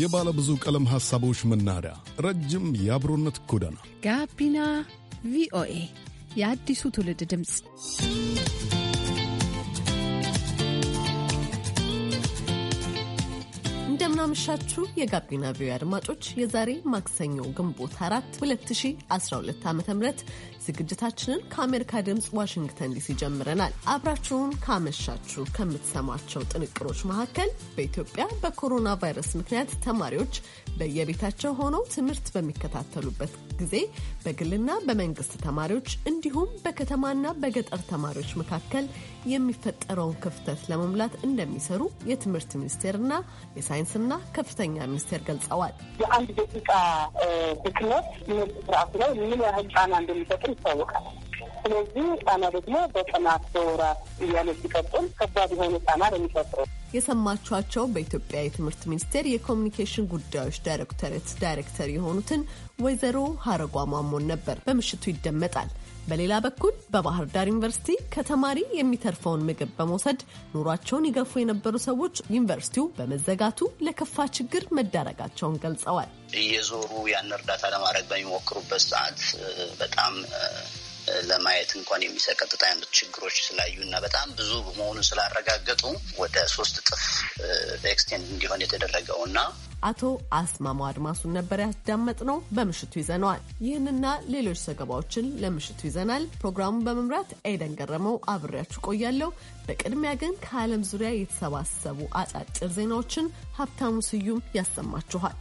የባለ ብዙ ቀለም ሐሳቦች መናኸሪያ፣ ረጅም የአብሮነት ጎዳና ጋቢና ቪኦኤ የአዲሱ ትውልድ ድምፅ። እንደምናመሻችሁ የጋቢና ቪኦኤ አድማጮች፣ የዛሬ ማክሰኞ ግንቦት 4 2012 ዓ ም ዝግጅታችንን ከአሜሪካ ድምፅ ዋሽንግተን ዲሲ ጀምረናል። አብራችሁን ካመሻችሁ ከምትሰሟቸው ጥንቅሮች መካከል በኢትዮጵያ በኮሮና ቫይረስ ምክንያት ተማሪዎች በየቤታቸው ሆነው ትምህርት በሚከታተሉበት ጊዜ በግልና በመንግስት ተማሪዎች እንዲሁም በከተማና በገጠር ተማሪዎች መካከል የሚፈጠረውን ክፍተት ለመሙላት እንደሚሰሩ የትምህርት ሚኒስቴርና የሳይንስና ከፍተኛ ሚኒስቴር ገልጸዋል። የአንድ ደቂቃ ብክነት ትምህርት ስርዓቱ ላይ ምን ያህል ጫና እንደሚፈጥር ይታወቃል። ስለዚህ ጣና ደግሞ በጥናት በወራት እያለ ሲቀጥል ከባድ የሆነ ጣና ነው የሚፈጥረው። የሰማችኋቸው በኢትዮጵያ የትምህርት ሚኒስቴር የኮሚኒኬሽን ጉዳዮች ዳይሬክቶሬት ዳይሬክተር የሆኑትን ወይዘሮ ሀረጓ ማሞን ነበር። በምሽቱ ይደመጣል። በሌላ በኩል በባህር ዳር ዩኒቨርሲቲ ከተማሪ የሚተርፈውን ምግብ በመውሰድ ኑሯቸውን ይገፉ የነበሩ ሰዎች ዩኒቨርሲቲው በመዘጋቱ ለከፋ ችግር መዳረጋቸውን ገልጸዋል። እየዞሩ ያን እርዳታ ለማድረግ በሚሞክሩበት ሰዓት በጣም ለማየት እንኳን የሚሰቀጥጥ አይነት ችግሮች ስላዩ እና በጣም ብዙ መሆኑን ስላረጋገጡ ወደ ሶስት እጥፍ ኤክስቴንድ እንዲሆን የተደረገው እና አቶ አስማማው አድማሱን ነበር ያስዳመጥ ነው። በምሽቱ ይዘነዋል። ይህንና ሌሎች ዘገባዎችን ለምሽቱ ይዘናል። ፕሮግራሙን በመምራት ኤደን ገረመው አብሬያችሁ ቆያለሁ። በቅድሚያ ግን ከዓለም ዙሪያ የተሰባሰቡ አጫጭር ዜናዎችን ሀብታሙ ስዩም ያሰማችኋል።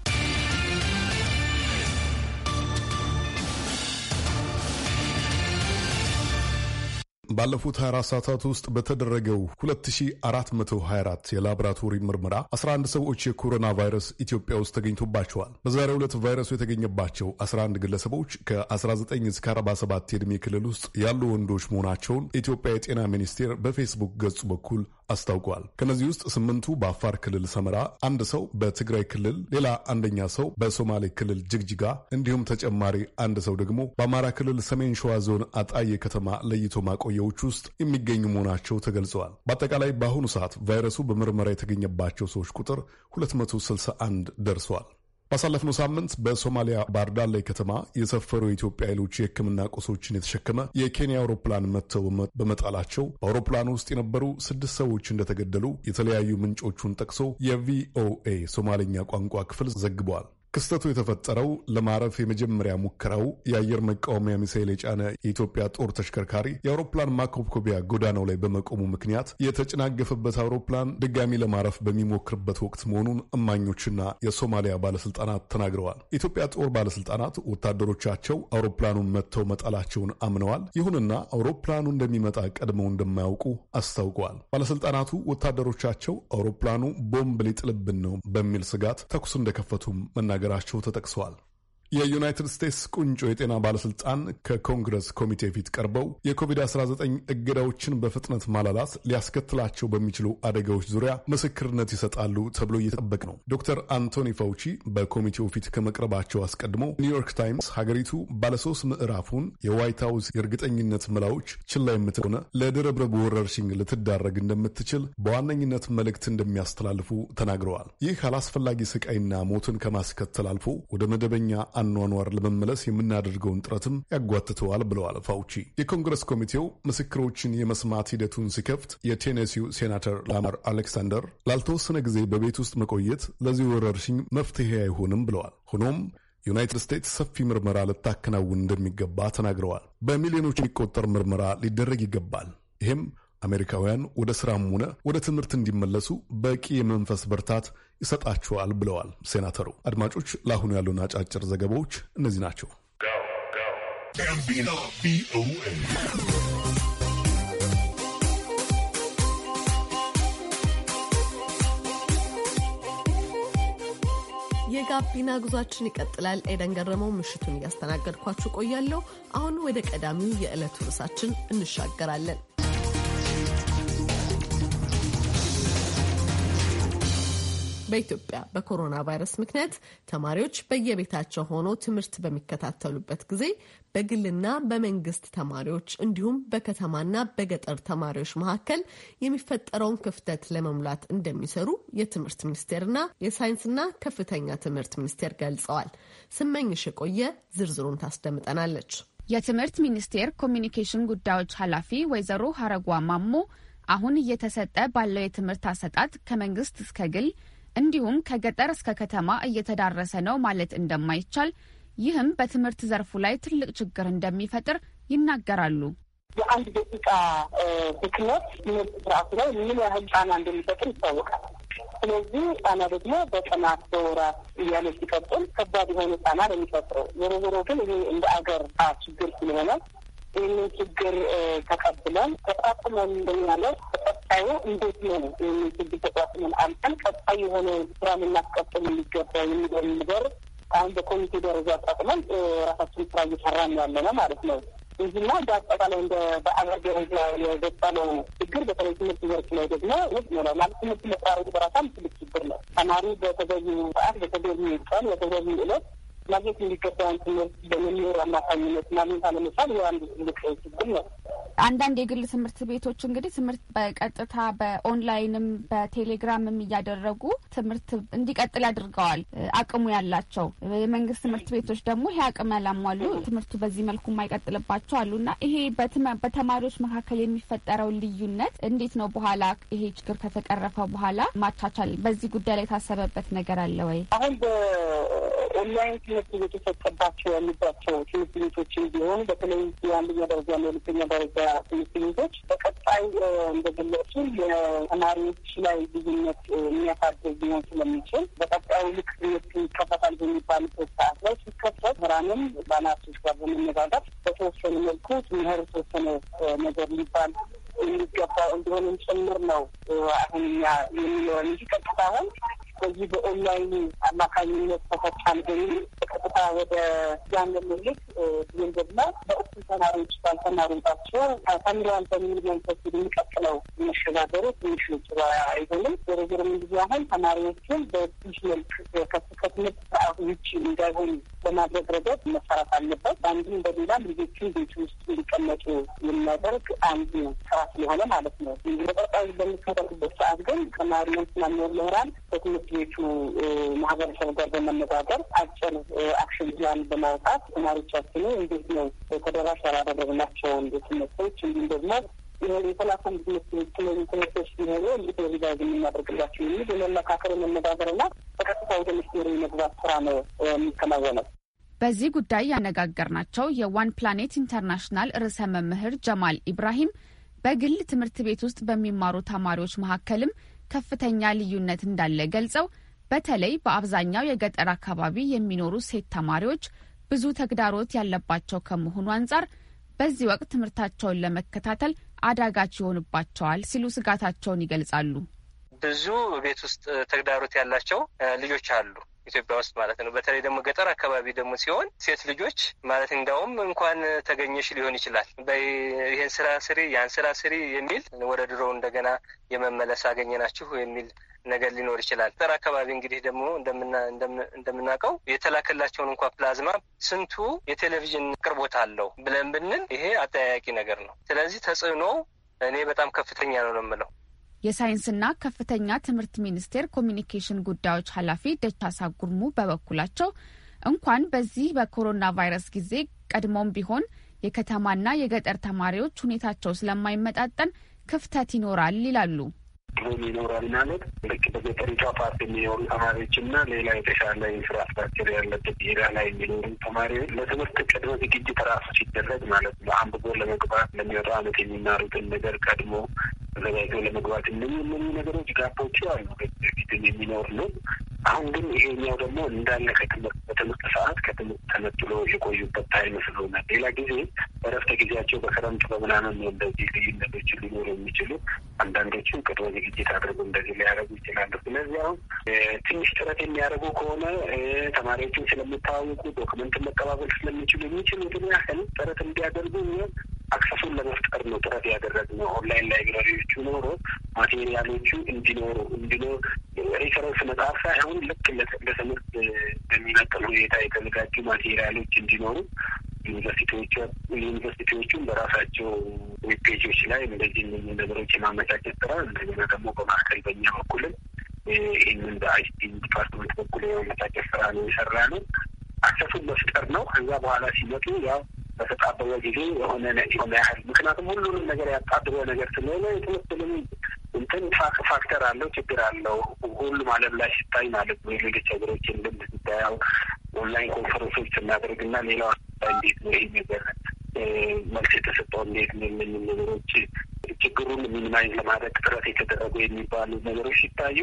ባለፉት 24 ሰዓታት ውስጥ በተደረገው 2424 የላቦራቶሪ ምርመራ 11 ሰዎች የኮሮና ቫይረስ ኢትዮጵያ ውስጥ ተገኝቶባቸዋል። በዛሬው ዕለት ቫይረሱ የተገኘባቸው 11 ግለሰቦች ከ19 እስከ 47 የዕድሜ ክልል ውስጥ ያሉ ወንዶች መሆናቸውን የኢትዮጵያ የጤና ሚኒስቴር በፌስቡክ ገጹ በኩል አስታውቋል። ከነዚህ ውስጥ ስምንቱ በአፋር ክልል ሰመራ፣ አንድ ሰው በትግራይ ክልል፣ ሌላ አንደኛ ሰው በሶማሌ ክልል ጅግጅጋ፣ እንዲሁም ተጨማሪ አንድ ሰው ደግሞ በአማራ ክልል ሰሜን ሸዋ ዞን አጣዬ ከተማ ለይቶ ማቆየዎች ውስጥ የሚገኙ መሆናቸው ተገልጸዋል። በአጠቃላይ በአሁኑ ሰዓት ቫይረሱ በምርመራ የተገኘባቸው ሰዎች ቁጥር 261 ደርሰዋል። ባሳለፍነው ሳምንት በሶማሊያ ባርዳላይ ከተማ የሰፈሩ የኢትዮጵያ ኃይሎች የሕክምና ቁሶችን የተሸከመ የኬንያ አውሮፕላን መጥተው በመጣላቸው በአውሮፕላን ውስጥ የነበሩ ስድስት ሰዎች እንደተገደሉ የተለያዩ ምንጮቹን ጠቅሶ የቪኦኤ ሶማልኛ ቋንቋ ክፍል ዘግቧል። ክስተቱ የተፈጠረው ለማረፍ የመጀመሪያ ሙከራው የአየር መቃወሚያ ሚሳይል የጫነ የኢትዮጵያ ጦር ተሽከርካሪ የአውሮፕላን ማኮብኮቢያ ጎዳናው ላይ በመቆሙ ምክንያት የተጨናገፈበት አውሮፕላን ድጋሚ ለማረፍ በሚሞክርበት ወቅት መሆኑን እማኞችና የሶማሊያ ባለስልጣናት ተናግረዋል። የኢትዮጵያ ጦር ባለስልጣናት ወታደሮቻቸው አውሮፕላኑን መጥተው መጣላቸውን አምነዋል። ይሁንና አውሮፕላኑ እንደሚመጣ ቀድመው እንደማያውቁ አስታውቀዋል። ባለስልጣናቱ ወታደሮቻቸው አውሮፕላኑ ቦምብ ሊጥልብን ነው በሚል ስጋት ተኩስ እንደከፈቱም መናገ መናገራቸው ተጠቅሰዋል። የዩናይትድ ስቴትስ ቁንጮ የጤና ባለስልጣን ከኮንግረስ ኮሚቴ ፊት ቀርበው የኮቪድ-19 እገዳዎችን በፍጥነት ማላላት ሊያስከትላቸው በሚችሉ አደጋዎች ዙሪያ ምስክርነት ይሰጣሉ ተብሎ እየተጠበቀ ነው። ዶክተር አንቶኒ ፋውቺ በኮሚቴው ፊት ከመቅረባቸው አስቀድሞ ኒውዮርክ ታይምስ ሀገሪቱ ባለሶስት ምዕራፉን የዋይት ሀውስ የእርግጠኝነት ምላዎች ችላ የምትሆነ ለድርብርብ ወረርሽኝ ልትዳረግ እንደምትችል በዋነኝነት መልእክት እንደሚያስተላልፉ ተናግረዋል። ይህ አላስፈላጊ ስቃይና ሞትን ከማስከተል አልፎ ወደ መደበኛ አኗኗር ለመመለስ የምናደርገውን ጥረትም ያጓትተዋል ብለዋል ፋውቺ። የኮንግረስ ኮሚቴው ምስክሮችን የመስማት ሂደቱን ሲከፍት የቴኔሲው ሴናተር ላማር አሌክሳንደር ላልተወሰነ ጊዜ በቤት ውስጥ መቆየት ለዚህ ወረርሽኝ መፍትሄ አይሆንም ብለዋል። ሆኖም ዩናይትድ ስቴትስ ሰፊ ምርመራ ልታከናውን እንደሚገባ ተናግረዋል። በሚሊዮኖች የሚቆጠር ምርመራ ሊደረግ ይገባል። ይህም አሜሪካውያን ወደ ስራም ሆነ ወደ ትምህርት እንዲመለሱ በቂ የመንፈስ ብርታት ይሰጣችኋል ብለዋል ሴናተሩ። አድማጮች፣ ለአሁኑ ያሉን አጫጭር ዘገባዎች እነዚህ ናቸው። የጋቢና ጉዟችን ይቀጥላል። ኤደን ገረመው ምሽቱን እያስተናገድኳችሁ ቆያለሁ። አሁን ወደ ቀዳሚው የዕለቱ ርዕሳችን እንሻገራለን። በኢትዮጵያ በኮሮና ቫይረስ ምክንያት ተማሪዎች በየቤታቸው ሆነው ትምህርት በሚከታተሉበት ጊዜ በግልና በመንግስት ተማሪዎች እንዲሁም በከተማና በገጠር ተማሪዎች መካከል የሚፈጠረውን ክፍተት ለመሙላት እንደሚሰሩ የትምህርት ሚኒስቴርና የሳይንስና ከፍተኛ ትምህርት ሚኒስቴር ገልጸዋል። ስመኝሽ የቆየ ዝርዝሩን ታስደምጠናለች። የትምህርት ሚኒስቴር ኮሚኒኬሽን ጉዳዮች ኃላፊ ወይዘሮ ሀረጓ ማሞ አሁን እየተሰጠ ባለው የትምህርት አሰጣጥ ከመንግስት እስከ ግል እንዲሁም ከገጠር እስከ ከተማ እየተዳረሰ ነው ማለት እንደማይቻል ይህም በትምህርት ዘርፉ ላይ ትልቅ ችግር እንደሚፈጥር ይናገራሉ። የአንድ ደቂቃ ብክነት ትምህርት ስርዓቱ ላይ ምን ያህል ጫና እንደሚፈጥር ይታወቃል። ስለዚህ ጫና ደግሞ በጥናት በወራት እያለ ሲቀጥል ከባድ የሆነ ጫና ነው የሚፈጥረው። ዞሮ ዞሮ ግን ይሄ እንደ አገር ችግር ስለሆነ ይህንን ችግር ተቀብለን ተቋቁመን እንደማለት ተቀጣዩ እንዴት ነው ይህንን ችግር ተቋቁመን አልተን ቀጣይ የሆነ ስራ ልናስቀጥል የሚገባ የሚለው ነገር አሁን በኮሚቴ ደረጃ አቋቁመን ራሳችን ስራ እየሰራን ያለ ነው ማለት ነው። እዚህና በአጠቃላይ እንደ በአገር ደረጃ የገጠለው ችግር በተለይ ትምህርት ዘርፍ ላይ ደግሞ ውድ ነው ማለት ትምህርት መቋረጡ በራሳም ትልቅ ችግር ነው። ተማሪ በተገቢ ሰዓት፣ በተገቢ ቀን፣ በተገቢ እለት ማግኘት የሚገባውን ትምህርት በመምህር አማካኝነት ማግኘት አለመቻል የአንዱ ትልቅ ችግር ነው። አንዳንድ የግል ትምህርት ቤቶች እንግዲህ ትምህርት በቀጥታ በኦንላይንም በቴሌግራምም እያደረጉ ትምህርት እንዲቀጥል አድርገዋል። አቅሙ ያላቸው የመንግስት ትምህርት ቤቶች ደግሞ ይሄ አቅም ያላሟሉ ትምህርቱ በዚህ መልኩ የማይቀጥልባቸው አሉና ይሄ በተማሪዎች መካከል የሚፈጠረው ልዩነት እንዴት ነው? በኋላ ይሄ ችግር ከተቀረፈ በኋላ ማቻቻል በዚህ ጉዳይ ላይ የታሰበበት ነገር አለ ወይ? አሁን ኦንላይን ትምህርት እየተሰጠባቸው ያሉባቸው ትምህርት ቤቶች እንዲሆኑ በተለይ የአንደኛ ደረጃ እና ሁለተኛ ደረጃ ትምህርት ቤቶች በቀጣይ እንደገለጹ የተማሪዎች ላይ ብዙነት የሚያሳድር ሊሆን ስለሚችል በቀጣዩ ልክ ትምህርት ይከፈታል በሚባልበት ሰዓት ላይ ሲከፈት ምራንም ባለሀብቶች ጋር በመነጋገር በተወሰነ መልኩ ትምህርት ተወሰነ ነገር ሊባል የሚገባው እንደሆነም ጭምር ነው። አሁን እኛ የምንለውን እንጂ ቀጥታ አሁን በዚህ በኦንላይን አማካኝነት ተፈጣን ገኝ በቀጥታ ወደ ያን ምልክ ብሎም ደግሞ በእሱ ተማሪዎች ባልተማሩባቸው ተምረዋል በሚል መንፈስ የሚቀጥለው መሸጋገሩ ትንሽ ጥሩ አይሆንም። ዞሮ ጊዜ አሁን ተማሪዎችን በዚህ መልክ ከትምህርት ሰዓት ውጭ እንዳይሆኑ በማድረግ ረገድ መሰራት አለበት። አንድም በሌላም ልጆችን ቤት ውስጥ እንዲቀመጡ የሚያደርግ አንዱ ስራ ሰዓት የሆነ ማለት ነው። ተቆርጣዊ በሚከረጡበት ሰዓት ግን ማኖር ምህራን ከትምህርት ቤቱ ማህበረሰብ ጋር በመነጋገር አጭር አክሽን ፕላን በማውጣት ተማሪዎቻችን እንዴት ነው ተደራሽ ያላደረግናቸውን ትምህርቶች እንዲሁም ደግሞ የተላኩ ትምህርቶች ሲሆኑ እንዴት ነው ሪቫይዝ የምናደርግላቸው የሚል የመመካከር የመነጋገርና በቀጥታ ወደ ሚኒስቴሩ የመግባት ስራ ነው የሚከናወነው። በዚህ ጉዳይ ያነጋገርናቸው የዋን ፕላኔት ኢንተርናሽናል ርዕሰ መምህር ጀማል ኢብራሂም በግል ትምህርት ቤት ውስጥ በሚማሩ ተማሪዎች መካከልም ከፍተኛ ልዩነት እንዳለ ገልጸው በተለይ በአብዛኛው የገጠር አካባቢ የሚኖሩ ሴት ተማሪዎች ብዙ ተግዳሮት ያለባቸው ከመሆኑ አንጻር በዚህ ወቅት ትምህርታቸውን ለመከታተል አዳጋች ይሆንባቸዋል ሲሉ ስጋታቸውን ይገልጻሉ። ብዙ ቤት ውስጥ ተግዳሮት ያላቸው ልጆች አሉ ኢትዮጵያ ውስጥ ማለት ነው። በተለይ ደግሞ ገጠር አካባቢ ደግሞ ሲሆን ሴት ልጆች ማለት እንዲያውም እንኳን ተገኘሽ ሊሆን ይችላል ይህን ስራ ስሪ፣ ያን ስራ ስሪ የሚል ወደ ድሮው እንደገና የመመለስ አገኘናችሁ የሚል ነገር ሊኖር ይችላል። ገጠር አካባቢ እንግዲህ ደግሞ እንደምናውቀው የተላከላቸውን እንኳ ፕላዝማ ስንቱ የቴሌቪዥን ቅርቦት አለው ብለን ብንል ይሄ አጠያያቂ ነገር ነው። ስለዚህ ተጽዕኖ እኔ በጣም ከፍተኛ ነው ነው የምለው የሳይንስና ከፍተኛ ትምህርት ሚኒስቴር ኮሚኒኬሽን ጉዳዮች ኃላፊ ደቻሳ ጉርሙ በበኩላቸው እንኳን በዚህ በኮሮና ቫይረስ ጊዜ ቀድሞም ቢሆን የከተማና የገጠር ተማሪዎች ሁኔታቸው ስለማይመጣጠን ክፍተት ይኖራል ይላሉ። ድሮም ይኖራል ማለት ልክ በገጠሪቷ ፓርት የሚኖሩ ተማሪዎች እና ሌላ የተሻለ ኢንፍራስትራክቸር ያለበት ሄዳ ላይ የሚኖሩ ተማሪዎች ለትምህርት ቅድመ ዝግጅት ራሱ ሲደረግ ማለት ነው። አንብቦ ለመግባት ለሚወጣ ዓመት የሚማሩትን ነገር ቀድሞ ተዘጋጅቶ ለመግባት እንደሚ ነገሮች ጋፖቹ አሉ። በፊትም የሚኖር ነው። አሁን ግን ይሄኛው ደግሞ እንዳለ ከትምህርት በትምህርት ተነጥሎ የቆዩበት ታይም ስለሆነ ሌላ ጊዜ በረፍተ ጊዜያቸው በክረምት በምናምን እንደዚህ ልዩነቶች ሊኖሩ የሚችሉ አንዳንዶችም ቅድመ ዝግጅት አድርጎ እንደዚህ ሊያደርጉ ይችላሉ። ስለዚህ አሁን ትንሽ ጥረት የሚያደርጉ ከሆነ ተማሪዎችን ስለምታዋውቁ ዶክመንትን መቀባበል ስለሚችሉ የሚችሉትን ያህል ጥረት እንዲያደርጉ አክሰሱን ለመፍጠር ነው ጥረት ያደረግነው። ኦንላይን ላይብራሪዎቹ ኖሮ ማቴሪያሎቹ እንዲኖሩ እንዲኖር ሪፈረንስ መጽሐፍ ሳይሆን ልክ ለትምህርት በሚመጥን ሁኔታ የተዘጋጁ ማቴሪያሎች እንዲኖሩ ዩኒቨርሲቲዎቹን በራሳቸው ዌብፔጆች ላይ እንደዚህ የሚሉ ነገሮች የማመቻቸት ስራ እንደገና ደግሞ በማዕከል በኛ በኩልም ይህንን በአይሲቲ ዲፓርትመንት በኩል የማመቻቸት ስራ ነው የሰራ ነው። አክሰሱን መፍጠር ነው። ከዛ በኋላ ሲመጡ ያው በተጣበበ ጊዜ የሆነ የሆነ ያህል ምክንያቱም ሁሉንም ነገር ያጣበበ ነገር ስለሆነ የትምህርት ልም እንትን ፋክተር አለው ችግር አለው ሁሉም ዓለም ላይ ሲታይ ማለት ነው። ሌሎች ሀገሮችን ልምድ ሲታያው ኦንላይን ኮንፈረንሶች ስናደርግ እና ሌላው እንዴት ነው ይህ ነገር መልስ የተሰጠው እንዴት ነው የምንም ነገሮች ችግሩን ሚኒማይዝ ለማድረግ ጥረት የተደረጉ የሚባሉ ነገሮች ሲታዩ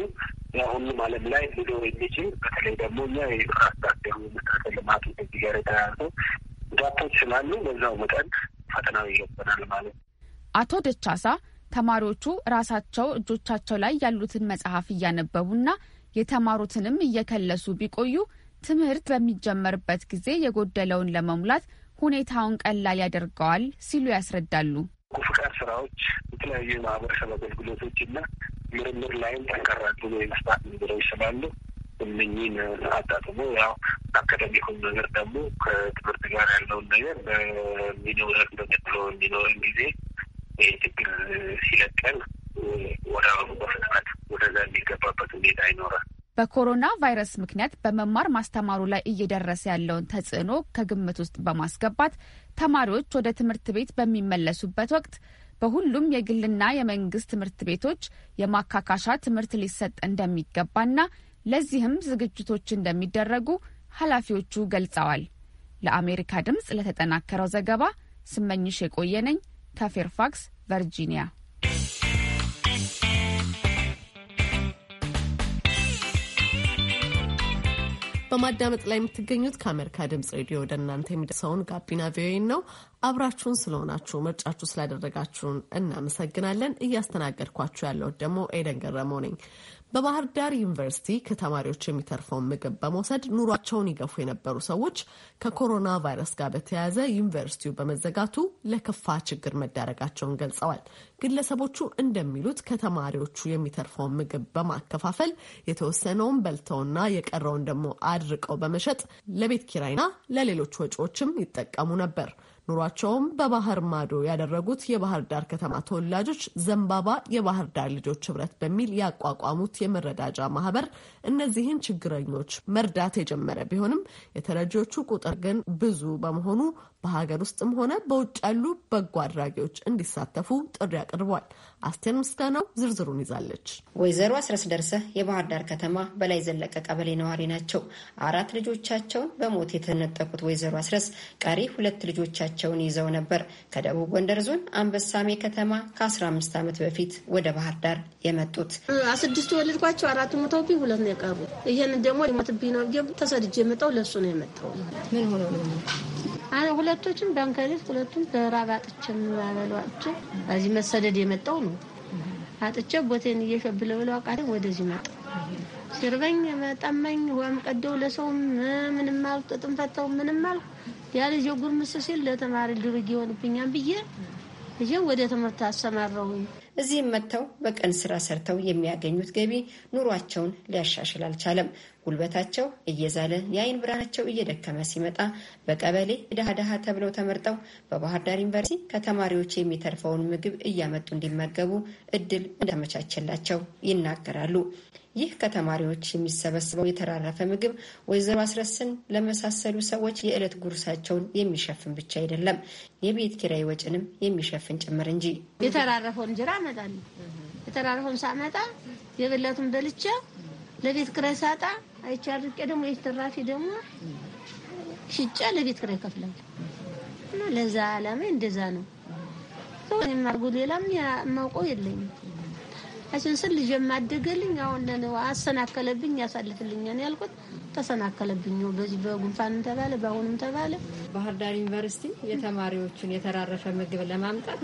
ሁሉም ዓለም ላይ ሊኖር የሚችል በተለይ ደግሞ እኛ የራስታቸው መሰረተ ልማቱ ከዚህ ጋር የተያያዙ ጋፖች ስላሉ በዛው መጠን ፈተናው ይገባናል ማለት ነው። አቶ ደቻሳ ተማሪዎቹ ራሳቸው እጆቻቸው ላይ ያሉትን መጽሐፍ እያነበቡና የተማሩትንም እየከለሱ ቢቆዩ ትምህርት በሚጀመርበት ጊዜ የጎደለውን ለመሙላት ሁኔታውን ቀላል ያደርገዋል ሲሉ ያስረዳሉ። ፍቃድ ስራዎች፣ የተለያዩ የማህበረሰብ አገልግሎቶች እና ምርምር ላይም ጠንከራ ብሎ የመስራት ነገሮች ስላሉ እምኝን አጣጥሞ ያው አካደሚኩን ነገር ደግሞ ከትምህርት ጋር ያለውን ነገር በሚኖረን በቀጥሎ የሚኖረን ጊዜ ይህ ችግር ሲለቀን ወዲያውኑ በፍጥነት ወደዛ የሚገባበት ሁኔታ አይኖራል። በኮሮና ቫይረስ ምክንያት በመማር ማስተማሩ ላይ እየደረሰ ያለውን ተጽዕኖ ከግምት ውስጥ በማስገባት ተማሪዎች ወደ ትምህርት ቤት በሚመለሱበት ወቅት በሁሉም የግልና የመንግስት ትምህርት ቤቶች የማካካሻ ትምህርት ሊሰጥ እንደሚገባና ለዚህም ዝግጅቶች እንደሚደረጉ ኃላፊዎቹ ገልጸዋል። ለአሜሪካ ድምፅ ለተጠናከረው ዘገባ ስመኝሽ የቆየ ነኝ። ከፌርፋክስ ቨርጂኒያ። በማዳመጥ ላይ የምትገኙት ከአሜሪካ ድምጽ ሬዲዮ ወደ እናንተ የሚደርሰውን ጋቢና ቪኦኤ ነው። አብራችሁን ስለሆናችሁ ምርጫችሁ ስላደረጋችሁን እናመሰግናለን። እያስተናገድኳችሁ ያለሁት ደግሞ ኤደን ገረመው ነኝ። በባህር ዳር ዩኒቨርሲቲ ከተማሪዎች የሚተርፈውን ምግብ በመውሰድ ኑሯቸውን ይገፉ የነበሩ ሰዎች ከኮሮና ቫይረስ ጋር በተያያዘ ዩኒቨርሲቲው በመዘጋቱ ለከፋ ችግር መዳረጋቸውን ገልጸዋል። ግለሰቦቹ እንደሚሉት ከተማሪዎቹ የሚተርፈውን ምግብ በማከፋፈል የተወሰነውን በልተውና የቀረውን ደግሞ አድርቀው በመሸጥ ለቤት ኪራይና ለሌሎች ወጪዎችም ይጠቀሙ ነበር። ኑሯቸውም በባህር ማዶ ያደረጉት የባህር ዳር ከተማ ተወላጆች ዘንባባ የባህር ዳር ልጆች ህብረት በሚል ያቋቋሙት የመረዳጃ ማህበር እነዚህን ችግረኞች መርዳት የጀመረ ቢሆንም የተረጂዎቹ ቁጥር ግን ብዙ በመሆኑ በሀገር ውስጥም ሆነ በውጭ ያሉ በጎ አድራጊዎች እንዲሳተፉ ጥሪ አቅርቧል። አስቴር ምስጋናው ዝርዝሩን ይዛለች። ወይዘሮ አስረስ ደርሰ የባህር ዳር ከተማ በላይ ዘለቀ ቀበሌ ነዋሪ ናቸው። አራት ልጆቻቸውን በሞት የተነጠቁት ወይዘሮ አስረስ ቀሪ ሁለት ልጆቻቸውን ይዘው ነበር ከደቡብ ጎንደር ዞን አንበሳሜ ከተማ ከ15 ዓመት በፊት ወደ ባህር ዳር የመጡት። ስድስቱ ወለድኳቸው፣ አራቱ ሞተውብኝ፣ ሁለት ነው የቀሩ። ይህን ደግሞ ሞትብኝ ነው ተሰድጄ የመጣው ለሱ ነው የመጣው ምን ሆነ ሁለቶችን በእንከሪት ሁለቱም በራብ አጥቼ የምባበሉ አጥቼ በዚህ መሰደድ የመጣው ነው። አጥቼ ቦቴን እየሸብለ ብለው አቃሪ ወደዚህ መጣ ሲርበኝ መጠመኝ ውሃም ቀደው ለሰው ምንም አልኩ ጥጥም ፈተው ምንም አልኩ። ያ ልጅ ጉርምስ ሲል ለተማሪ ድርግ ይሆንብኛል ብዬ ልጄ ወደ ትምህርት አሰማራሁኝ። እዚህም መጥተው በቀን ስራ ሰርተው የሚያገኙት ገቢ ኑሯቸውን ሊያሻሽል አልቻለም። ጉልበታቸው እየዛለ የአይን ብርሃናቸው እየደከመ ሲመጣ በቀበሌ ድሃ ድሃ ተብለው ተመርጠው በባህር ዳር ዩኒቨርሲቲ ከተማሪዎች የሚተርፈውን ምግብ እያመጡ እንዲመገቡ እድል እንዳመቻቸላቸው ይናገራሉ። ይህ ከተማሪዎች የሚሰበስበው የተራረፈ ምግብ ወይዘሮ አስረስን ለመሳሰሉ ሰዎች የዕለት ጉርሳቸውን የሚሸፍን ብቻ አይደለም፣ የቤት ኪራይ ወጭንም የሚሸፍን ጭምር እንጂ። የተራረፈውን እንጀራ አመጣለሁ። የተራረፈውን ሳመጣ የበላቱን በልቻ ለቤት ኪራይ ሳጣ አይቻርቄ ደግሞ የተራፊ ደግሞ ሽጫ ለቤት ኪራይ ከፍላለሁ እና ለዛ አላማ እንደዛ ነው። ሰው የማርጉ ሌላም የማውቀው የለኝም። እሱን ስል ልጅ የማደገልኝ አሁን አሰናከለብኝ፣ ያሳልፍልኝ ያሳልፍልኛል ያልኩት ተሰናከለብኝ። በዚህ በጉንፋንም ተባለ በአሁንም ተባለ። ባህር ዳር ዩኒቨርሲቲ የተማሪዎችን የተራረፈ ምግብ ለማምጣት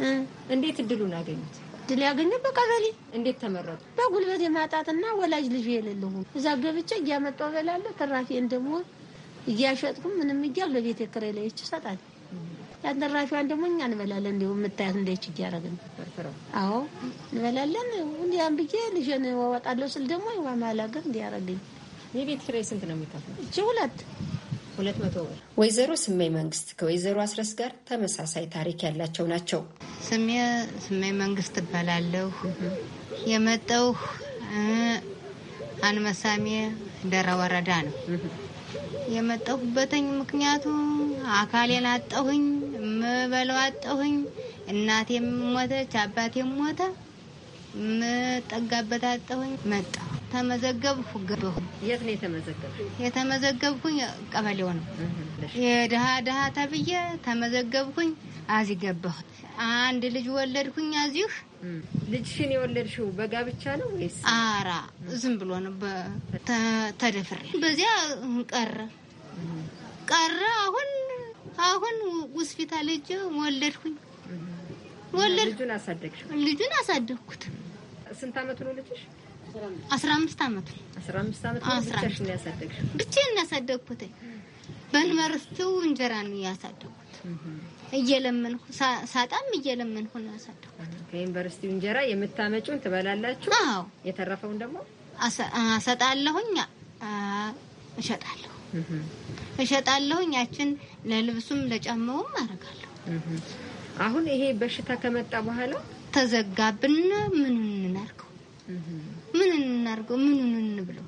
እንዴት እድሉን አገኙት? ድል ያገኘ በቀበሌ እንዴት ተመረጡ? በጉልበት የማጣትና ወላጅ ልጅ የሌለሁ እዛ ገብቼ እያመጣሁ እበላለሁ። ተራፊን ደግሞ እያሸጥኩም ምንም እያል በቤት ክሬ ላይ ይች ያደራሽዋን ደግሞ እኛ እንበላለን። እንዲሁ የምታያት እንደች እያደረግን አዎ እንበላለን። እንዲያን ብዬ ልጅን ወጣለሁ ስል ደግሞ ማላገር እንዲያረግኝ የቤት ኪራይ ስንት ነው የሚከፍለው? እቺ ሁለት ሁለት መቶ ብር። ወይዘሮ ስሜ መንግስት ከወይዘሮ አስረስ ጋር ተመሳሳይ ታሪክ ያላቸው ናቸው። ስሜ ስሜ መንግስት እባላለሁ። የመጣው አንመሳሜ ደራ ወረዳ ነው የመጣሁበትኝ ምክንያቱ አካሌን አጣሁኝ። ምበለው በለዋጠሁኝ። እናቴም ሞተች፣ አባቴም ሞተ። ምጠጋበት አጣሁኝ። መጣ ተመዘገብኩ። ገባሁ። የት ነው የተመዘገብኩ? የተመዘገብኩኝ ቀበሌው ነው። የድሀ ድሀ ተብዬ ተመዘገብኩኝ። አዚ ገባሁ። አንድ ልጅ ወለድኩኝ። አዚሁ ልጅሽን የወለድሽው በጋብቻ ነው ወይስ? አራ ዝም ብሎ ነው ተደፍሬ። በዚያ ቀረ ቀረ አሁን አሁን ሆስፒታል ሂጅ ወለድኩኝ። ወለድ ልጁን አሳደግሽ? ልጁን አሳደግኩት። ስንት አመቱ ነው ልጅሽ? አስራ አምስት አመቱ። አስራ አምስት አመቱ ብቻሽን ያሳደግሽ? ያሳደግሽው? ብቻዬን ያሳደግኩት። በዩኒቨርሲቲው እንጀራ ነው ያሳደግኩት። እየለመንኩ ሳጣም እየለመንኩ ነው ያሳደግኩት። ከዩኒቨርሲቲው እንጀራ የምታመጪውን ትበላላችሁ? አዎ። የተረፈውን ደግሞ አሰጣለሁኝ፣ እሸጣለሁ እሸጣለሁኝ። ያችን ለልብሱም ለጫማውም አደርጋለሁ። አሁን ይሄ በሽታ ከመጣ በኋላ ተዘጋብንና ምን እናርገው? ምን እናርገው? ምን እንብለው?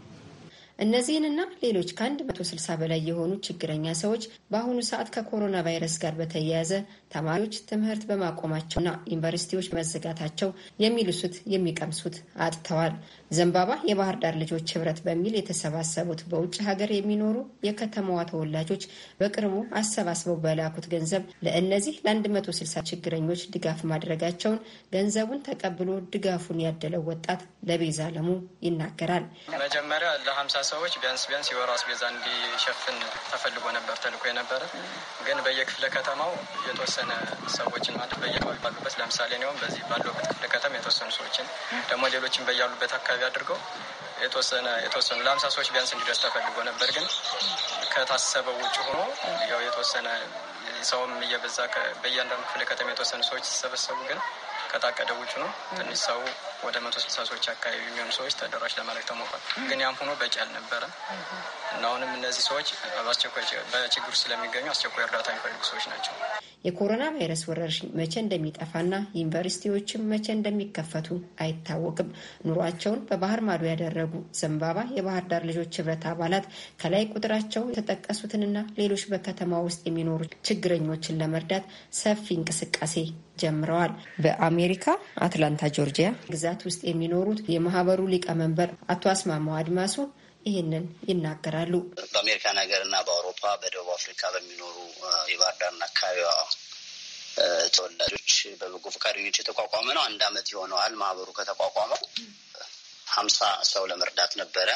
እነዚህንና ሌሎች ከ160 በላይ የሆኑ ችግረኛ ሰዎች በአሁኑ ሰዓት ከኮሮና ቫይረስ ጋር በተያያዘ ተማሪዎች ትምህርት በማቆማቸውና ዩኒቨርሲቲዎች በመዘጋታቸው የሚልሱት የሚቀምሱት አጥተዋል። ዘንባባ የባህር ዳር ልጆች ህብረት በሚል የተሰባሰቡት በውጭ ሀገር የሚኖሩ የከተማዋ ተወላጆች በቅርቡ አሰባስበው በላኩት ገንዘብ ለእነዚህ ለ160 ችግረኞች ድጋፍ ማድረጋቸውን ገንዘቡን ተቀብሎ ድጋፉን ያደለው ወጣት ለቤዛ አለሙ ይናገራል። መጀመሪያ ለ ሰዎች ቢያንስ ቢያንስ የወር አስቤዛ እንዲሸፍን ተፈልጎ ነበር ተልኮ የነበረ። ግን በየክፍለ ከተማው የተወሰነ ሰዎችን ማለት በየአካባቢ ባሉበት ለምሳሌ እኔውም በዚህ ባለበት ክፍለ ከተማ የተወሰኑ ሰዎችን ደግሞ ሌሎችን በያሉበት አካባቢ አድርገው የተወሰነ የተወሰኑ ለአምሳ ሰዎች ቢያንስ እንዲደርስ ተፈልጎ ነበር። ግን ከታሰበው ውጭ ሆኖ ያው የተወሰነ ሰውም እየበዛ በእያንዳንዱ ክፍለ ከተማ የተወሰኑ ሰዎች ሲሰበሰቡ ግን ከታቀደ ውጭ ነው። ትንሽ ሰው ወደ መቶ ስልሳ ሰዎች አካባቢ የሚሆኑ ሰዎች ተደራሽ ለማድረግ ተሞክሯል። ግን ያም ሆኖ በቂ አልነበረም እና አሁንም እነዚህ ሰዎች በአስቸኳይ በችግር ስለሚገኙ አስቸኳይ እርዳታ የሚፈልጉ ሰዎች ናቸው። የኮሮና ቫይረስ ወረርሽኝ መቼ እንደሚጠፋና ዩኒቨርሲቲዎችም መቼ እንደሚከፈቱ አይታወቅም። ኑሯቸውን በባህር ማዶ ያደረጉ ዘንባባ የባህር ዳር ልጆች ህብረት አባላት ከላይ ቁጥራቸው የተጠቀሱትንና ሌሎች በከተማ ውስጥ የሚኖሩ ችግረኞችን ለመርዳት ሰፊ እንቅስቃሴ ጀምረዋል። በአሜሪካ አትላንታ ጆርጂያ ግዛት ውስጥ የሚኖሩት የማህበሩ ሊቀመንበር አቶ አስማማው አድማሱ ይህንን ይናገራሉ። በአሜሪካ ሀገር እና በአውሮፓ በደቡብ አፍሪካ በሚኖሩ የባህር ዳርና አካባቢዋ ተወላጆች በበጎ ፈቃደኞች የተቋቋመ ነው። አንድ አመት የሆነዋል ማህበሩ ከተቋቋመው ሀምሳ ሰው ለመርዳት ነበረ።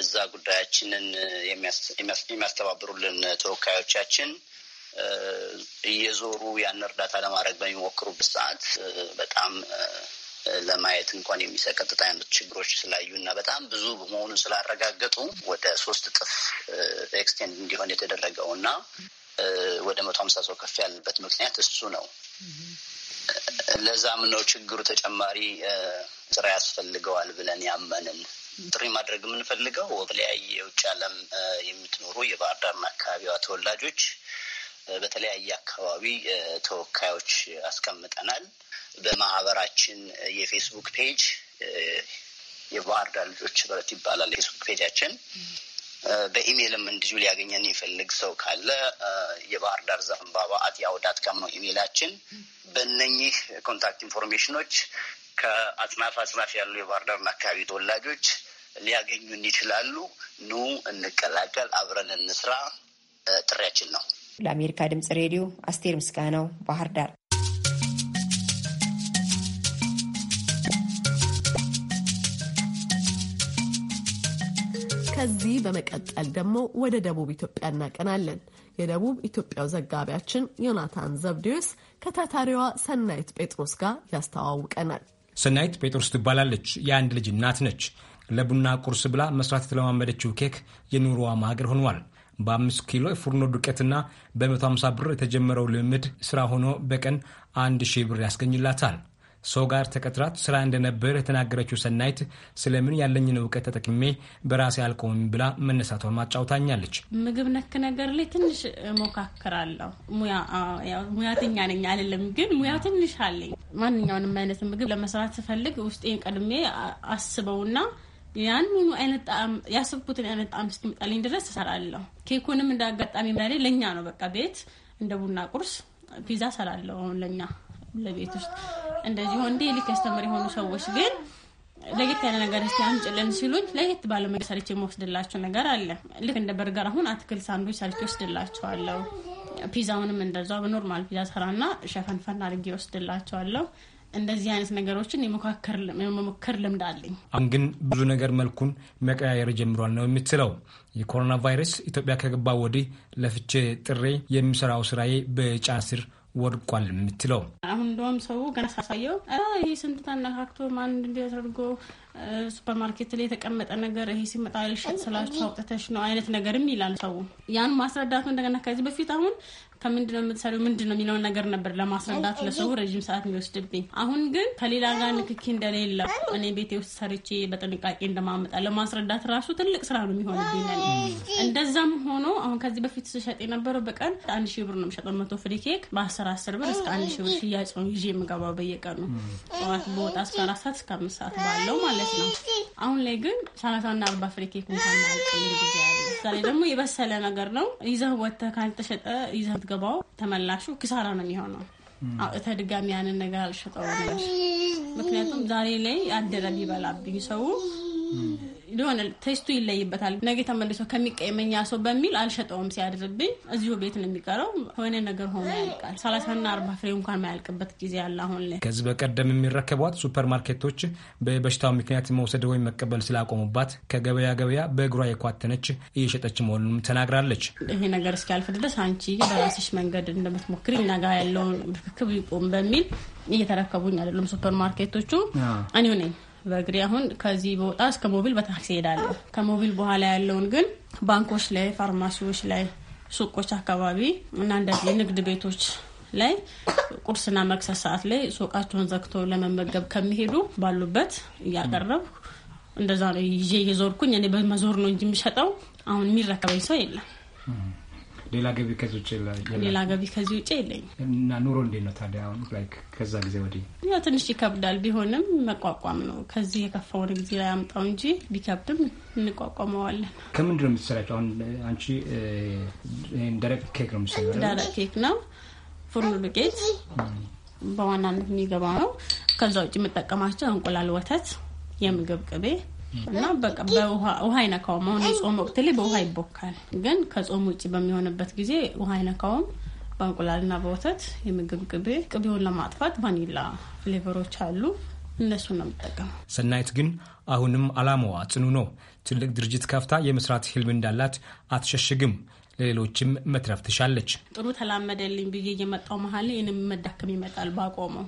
እዛ ጉዳያችንን የሚያስተባብሩልን ተወካዮቻችን እየዞሩ ያን እርዳታ ለማድረግ በሚሞክሩበት ሰዓት በጣም ለማየት እንኳን የሚሰቀጥጥ አይነት ችግሮች ስላዩ እና በጣም ብዙ መሆኑን ስላረጋገጡ ወደ ሶስት እጥፍ ኤክስቴንድ እንዲሆን የተደረገው እና ወደ መቶ ሀምሳ ሰው ከፍ ያለበት ምክንያት እሱ ነው። ለዛም ነው ችግሩ ተጨማሪ ስራ ያስፈልገዋል ብለን ያመንን። ጥሪ ማድረግ የምንፈልገው በተለያየ የውጭ ዓለም የምትኖሩ የባህር ዳርና አካባቢዋ ተወላጆች በተለያየ አካባቢ ተወካዮች አስቀምጠናል። በማህበራችን የፌስቡክ ፔጅ የባህር ዳር ልጆች ህብረት ይባላል የፌስቡክ ፔጃችን። በኢሜይልም እንዲሁ ሊያገኘን የሚፈልግ ሰው ካለ የባህር ዳር ዘንባባ አት ያሁ ዳት ካም ነው ኢሜይላችን። በእነኚህ ኮንታክት ኢንፎርሜሽኖች ከአጽናፍ አጽናፍ ያሉ የባህር ዳርና አካባቢ ተወላጆች ሊያገኙን ይችላሉ። ኑ እንቀላቀል፣ አብረን እንስራ ጥሪያችን ነው። ለአሜሪካ ድምጽ ሬዲዮ አስቴር ምስጋናው ባህር ዳር። ከዚህ በመቀጠል ደግሞ ወደ ደቡብ ኢትዮጵያ እናቀናለን። የደቡብ ኢትዮጵያው ዘጋቢያችን ዮናታን ዘብዴዎስ ከታታሪዋ ሰናይት ጴጥሮስ ጋር ያስተዋውቀናል። ሰናይት ጴጥሮስ ትባላለች። የአንድ ልጅ እናት ነች። ለቡና ቁርስ ብላ መስራት የተለማመደችው ኬክ የኑሮዋ ማገር ሆኗል። በአምስት ኪሎ የፉርኖ ዱቄትና በ150 ብር የተጀመረው ልምምድ ስራ ሆኖ በቀን አንድ ሺህ ብር ያስገኝላታል። ሰው ጋር ተቀጥራት ስራ እንደነበር የተናገረችው ሰናይት ስለምን ያለኝን እውቀት ተጠቅሜ በራሴ አልቆም ብላ መነሳቷን ማጫውታኛለች። ምግብ ነክ ነገር ላይ ትንሽ ሞካክራለሁ። ሙያተኛ ነኝ አይደለም፣ ግን ሙያ ትንሽ አለኝ። ማንኛውንም አይነት ምግብ ለመስራት ስፈልግ ውስጤን ቀድሜ አስበውና ያንኑ አይነት ጣዕም ያሰብኩትን አይነት ጣዕም እስኪመጣልኝ ድረስ እሰራለሁ። ኬኩንም እንደ አጋጣሚ ምናሌ ለእኛ ነው በቃ ቤት እንደ ቡና ቁርስ ፒዛ እሰራለሁ። አሁን ለእኛ ለቤት ውስጥ እንደዚህ ሆንዴ ልክ ያስተምር የሆኑ ሰዎች ግን ለየት ያለ ነገር እስቲ አምጭልን ሲሉኝ ለየት ባለ መንገድ ሰርቼ የምወስድላቸው ነገር አለ። ልክ እንደ በርገር አሁን አትክልት ሳንዱች ሰርቼ ወስድላቸዋለሁ። ፒዛውንም እንደዛ በኖርማል ፒዛ ሰራና ሸፈንፈን አድርጌ ወስድላቸዋለሁ። እንደዚህ አይነት ነገሮችን የመሞከር ልምድ አለኝ። አሁን ግን ብዙ ነገር መልኩን መቀያየር ጀምሯል ነው የምትለው። የኮሮና ቫይረስ ኢትዮጵያ ከገባ ወዲህ ለፍቼ ጥሬ የሚሰራው ስራዬ በጫና ስር ወድቋል የምትለው አሁን እንደውም ሰው ገና ሳሳየው ይህ ስንት ተነካክቶ ማን እንዲያደርጎ ሱፐር ማርኬት ላይ የተቀመጠ ነገር ይሄ ሲመጣ ልሸጥ ስላችሁ አውጥተሽ ነው አይነት ነገርም ይላል ሰው። ያን ማስረዳቱ እንደገና ከዚህ በፊት አሁን ከምንድነው የምትሰሪው ምንድን ነው የሚለውን ነገር ነበር ለማስረዳት ለሰው ረዥም ሰዓት የሚወስድብኝ። አሁን ግን ከሌላ ጋር ንክኪ እንደሌለ እኔ ቤቴ ውስጥ ሰርቼ በጥንቃቄ እንደማመጣ ለማስረዳት ራሱ ትልቅ ስራ ነው የሚሆንብኝ። እንደዛም ሆኖ አሁን ከዚህ በፊት ስሸጥ የነበረው በቀን አንድ ሺህ ብር ነው የምሸጠው መቶ ፍሪ ኬክ በአስር አስር ብር እስከ አንድ ሺህ ብር ሽያጭ ነው ይዤ የምገባው በየቀኑ ጠዋት በወጣ እስከ አራት ሰዓት እስከ አምስት ሰዓት ባለው ማለት ማለት ነው። አሁን ላይ ግን ሰላሳና አርባ ፍሬ ኬክ እንኳን ጊዜ ደግሞ የበሰለ ነገር ነው። ይዘህ ወጥተህ ካልተሸጠ ይዘህ ትገባው ተመላሹ ክሳራ ነው የሚሆነው። ተድጋሚ ያንን ነገር አልሸጠው ምክንያቱም ዛሬ ላይ አደረ ቢበላብኝ ሰው የሆነ ቴስቱ ይለይበታል። ነገ ተመልሶ ከሚቀይመኛ ሰው በሚል አልሸጠውም ሲያድርብኝ እዚሁ ቤት ነው የሚቀረው። ሆነ ነገር ሆኖ ያልቃል። ሰላሳና አርባ ፍሬ እንኳን ማያልቅበት ጊዜ አለ አሁን ላይ። ከዚህ በቀደም የሚረከቧት ሱፐር ማርኬቶች በበሽታው ምክንያት መውሰድ ወይም መቀበል ስላቆሙባት ከገበያ ገበያ በእግሯ የኳተነች እየሸጠች መሆኑንም ተናግራለች። ይሄ ነገር እስኪያልፍ ድረስ አንቺ በራስሽ መንገድ እንደምትሞክሪ እኛ ያለውን ክብ ይቁም በሚል እየተረከቡኝ አይደሉም ሱፐር ማርኬቶቹ እኔ ነኝ በእግሬ አሁን ከዚህ በወጣ እስከ ሞቢል በታክሲ ሄዳለሁ። ከሞቢል በኋላ ያለውን ግን ባንኮች ላይ፣ ፋርማሲዎች ላይ፣ ሱቆች አካባቢ እና እንደዚህ ንግድ ቤቶች ላይ ቁርስና መክሰስ ሰዓት ላይ ሱቃቸውን ዘግቶ ለመመገብ ከሚሄዱ ባሉበት እያቀረቡ እንደዛ ነው ይዤ እየዞርኩኝ። እኔ በመዞር ነው እንጂ የሚሸጠው አሁን የሚረከበኝ ሰው የለም። ሌላ ገቢ ከዚህ ውጭ ሌላ ገቢ ከዚህ ውጭ የለኝም። እና ኑሮ እንዴት ነው ታዲያ አሁን ላይክ ከዛ ጊዜ ወዲህ? ያው ትንሽ ይከብዳል፣ ቢሆንም መቋቋም ነው። ከዚህ የከፋውን ጊዜ ላይ አምጣው እንጂ ቢከብድም እንቋቋመዋለን። ከምንድን ነው የምትሰራቸው አሁን አንቺ? ደረቅ ኬክ ነው የምትሰራው? ደረቅ ኬክ ነው ፉርኖ ዱቄት በዋናነት የሚገባ ነው። ከዛ ውጭ የምጠቀማቸው እንቁላል፣ ወተት፣ የምግብ ቅቤ እና በቃ ውሃ አይነካውም። አሁን የጾም ወቅት ላይ በውሃ ይቦካል፣ ግን ከጾም ውጭ በሚሆንበት ጊዜ ውሃ አይነካውም። በእንቁላልና በወተት የምግብ ቅቤ ቅቤውን ለማጥፋት ቫኒላ ፍሌቨሮች አሉ። እነሱን ነው የምጠቀመው። ሰናይት ግን አሁንም አላማዋ ጽኑ ነው። ትልቅ ድርጅት ከፍታ የመስራት ህልም እንዳላት አትሸሽግም። ለሌሎችም መትረፍ ትሻለች። ጥሩ ተላመደልኝ ብዬ እየመጣው መሀል ላይ እኔም መዳከም ይመጣል። ባቆመው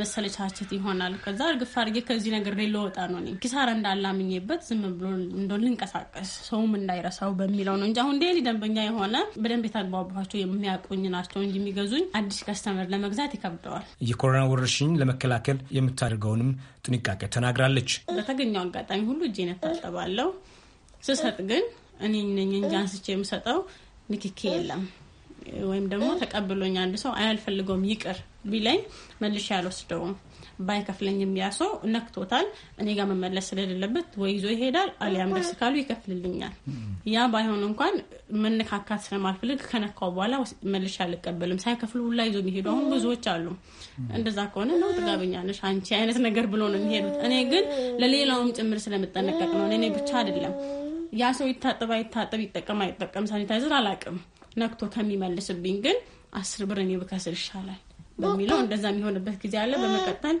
መሰለቻቸት ይሆናል። ከዛ እርግፍ አድርጌ ከዚህ ነገር ላይ ለወጣ ነው እኔ ኪሳራ እንዳላምኝበት ዝም ብሎ እንደ ልንቀሳቀስ ሰውም እንዳይረሳው በሚለው ነው እንጂ አሁን ዴይሊ ደንበኛ የሆነ በደንብ የታግባባቸው የሚያውቁኝ ናቸው እንጂ የሚገዙኝ አዲስ ከስተመር ለመግዛት ይከብደዋል። የኮሮና ወረርሽኝ ለመከላከል የምታደርገውንም ጥንቃቄ ተናግራለች። በተገኘው አጋጣሚ ሁሉ እጄን እታጠባለሁ ስሰጥ ግን እኔ ነኝ እንጂ አንስቼ የምሰጠው ንክኬ የለም። ወይም ደግሞ ተቀብሎኝ አንድ ሰው አያልፈልገውም ይቅር ቢለኝ መልሼ አልወስደውም። ባይከፍለኝ ያ ሰው ነክቶታል። እኔ ጋር መመለስ ስለሌለበት ወይ ይዞ ይሄዳል፣ አሊያም ደስ ካሉ ይከፍልልኛል። ያ ባይሆን እንኳን መነካካት ስለማልፈልግ ከነካው በኋላ መልሼ አልቀበልም። ሳይከፍሉ ሁላ ይዞ የሚሄዱ አሁን ብዙዎች አሉ። እንደዛ ከሆነ ነው ጥጋበኛ አንቺ አይነት ነገር ብሎ ነው የሚሄዱት። እኔ ግን ለሌላውም ጭምር ስለምጠነቀቅ ነው። እኔ ብቻ አይደለም ያ ሰው ይታጠብ አይታጠብ ይጠቀም አይጠቀም ሳኒታይዘር አላቅም ነክቶ ከሚመልስብኝ ግን አስር ብር እኔ ብከስር ይሻላል በሚለው እንደዛ የሚሆንበት ጊዜ አለ። በመቀጠል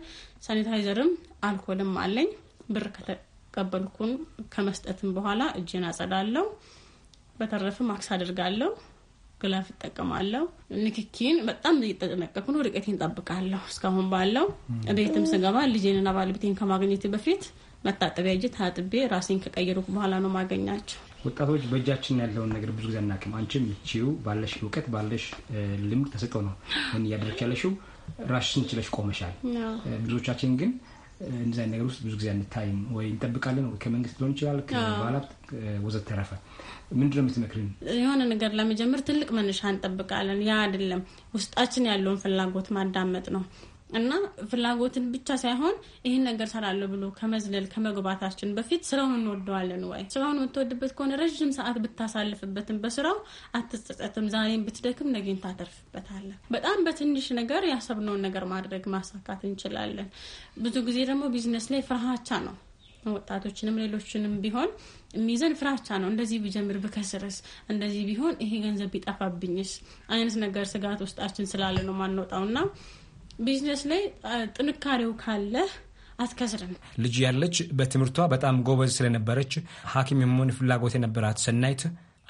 ሳኒታይዘርም አልኮልም አለኝ። ብር ከተቀበልኩን ከመስጠትም በኋላ እጄን አጸዳለሁ። በተረፈ ማክስ አድርጋለሁ፣ ግላፍ እጠቀማለሁ። ንክኪን በጣም እየተጠነቀኩ ነው። ርቀቴን ጠብቃለሁ። እስካሁን ባለው ቤትም ስገባ ልጄንና ባለቤቴን ከማግኘት በፊት መታጠቢያ እጅ ታጥቤ ራሴን ከቀየሩ በኋላ ነው ማገኛቸው። ወጣቶች በእጃችን ያለውን ነገር ብዙ ጊዜ አናውቅም። አንቺም ቺው ባለሽ እውቀት ባለሽ ልምድ ተሰጠው ነው ምን እያደረች ያለሽው ራሽን ችለሽ ቆመሻል። ብዙዎቻችን ግን እንደዚህ አይነት ነገር ውስጥ ብዙ ጊዜ አንታይም ወይ እንጠብቃለን ከመንግስት ሊሆን ይችላል ከባላት ወዘተረፈ ምንድን ነው የምትመክርን? የሆነ ነገር ለመጀመር ትልቅ መነሻ እንጠብቃለን። ያ አይደለም ውስጣችን ያለውን ፍላጎት ማዳመጥ ነው። እና ፍላጎትን ብቻ ሳይሆን ይህን ነገር ሰራለሁ ብሎ ከመዝለል ከመግባታችን በፊት ስራውን እንወደዋለን ወይ? ስራውን የምትወድበት ከሆነ ረዥም ሰዓት ብታሳልፍበትም በስራው አትጸጸትም። ዛሬም ብትደክም ነገን ታተርፍበታለን። በጣም በትንሽ ነገር ያሰብነውን ነገር ማድረግ ማሳካት እንችላለን። ብዙ ጊዜ ደግሞ ቢዝነስ ላይ ፍርሃቻ ነው ወጣቶችንም ሌሎችንም ቢሆን የሚይዘን ፍራቻ ነው። እንደዚህ ቢጀምር ብከስርስ፣ እንደዚህ ቢሆን ይሄ ገንዘብ ቢጠፋብኝስ አይነት ነገር ስጋት ውስጣችን ስላለ ነው ማንወጣውና ቢዝነስ ላይ ጥንካሬው ካለ አትከስርም። ልጅ ያለች በትምህርቷ በጣም ጎበዝ ስለነበረች ሐኪም የመሆን ፍላጎት የነበራት ሰናይት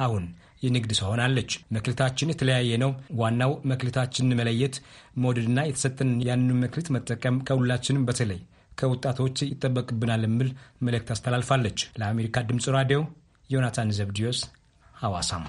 አሁን የንግድ ሰው ሆናለች። መክሊታችን የተለያየ ነው። ዋናው መክሊታችንን መለየት፣ መውደድና የተሰጠን ያንኑ መክሊት መጠቀም ከሁላችንም በተለይ ከወጣቶች ይጠበቅብናል የሚል መልእክት አስተላልፋለች። ለአሜሪካ ድምፅ ራዲዮ ዮናታን ዘብድዮስ ሐዋሳም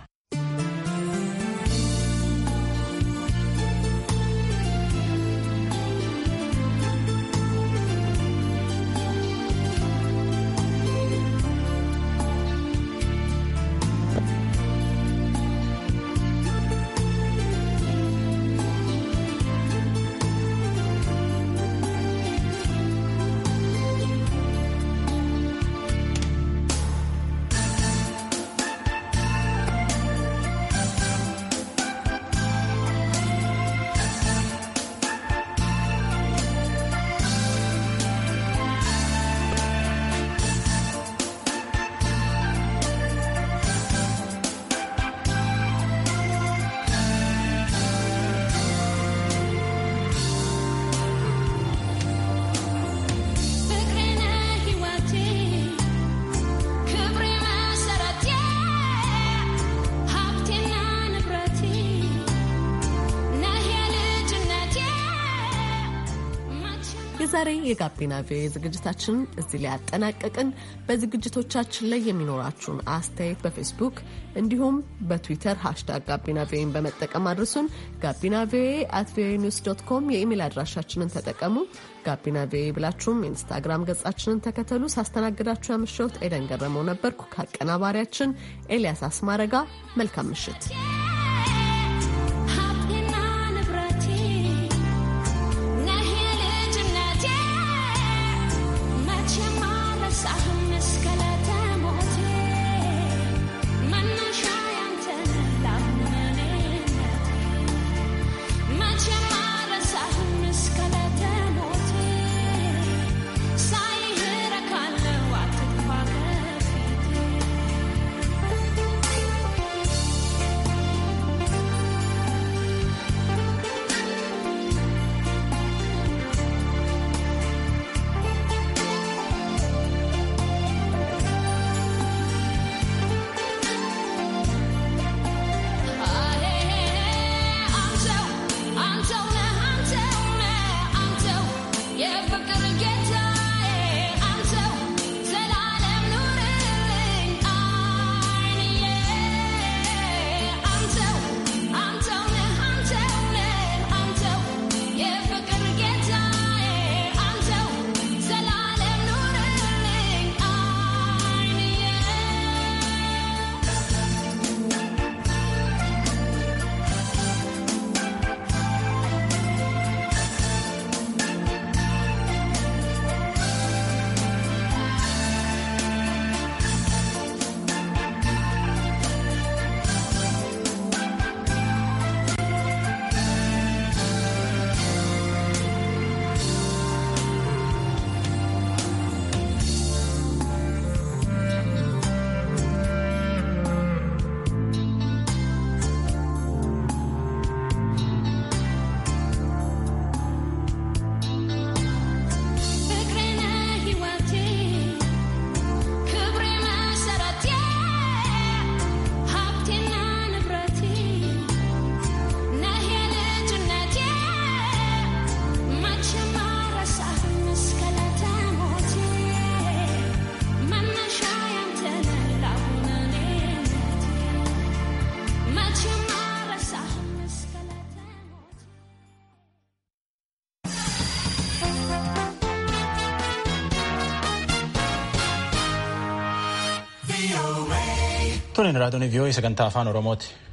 ዛሬ የጋቢና ቪ ዝግጅታችን እዚህ ላይ ያጠናቀቅን። በዝግጅቶቻችን ላይ የሚኖራችሁን አስተያየት በፌስቡክ እንዲሁም በትዊተር ሃሽታግ ጋቢና ቪን በመጠቀም አድርሱን። ጋቢና ቪ አት ቪ ኒውስ ዶት ኮም የኢሜይል አድራሻችንን ተጠቀሙ። ጋቢና ቪ ብላችሁም ኢንስታግራም ገጻችንን ተከተሉ። ሳስተናግዳችሁ ያመሸሁት ኤደን ገረመው ነበርኩ ከአቀናባሪያችን ኤልያስ አስማረጋ። መልካም ምሽት። kan raadiyoon vii'oo sagantaa afaan oromooti.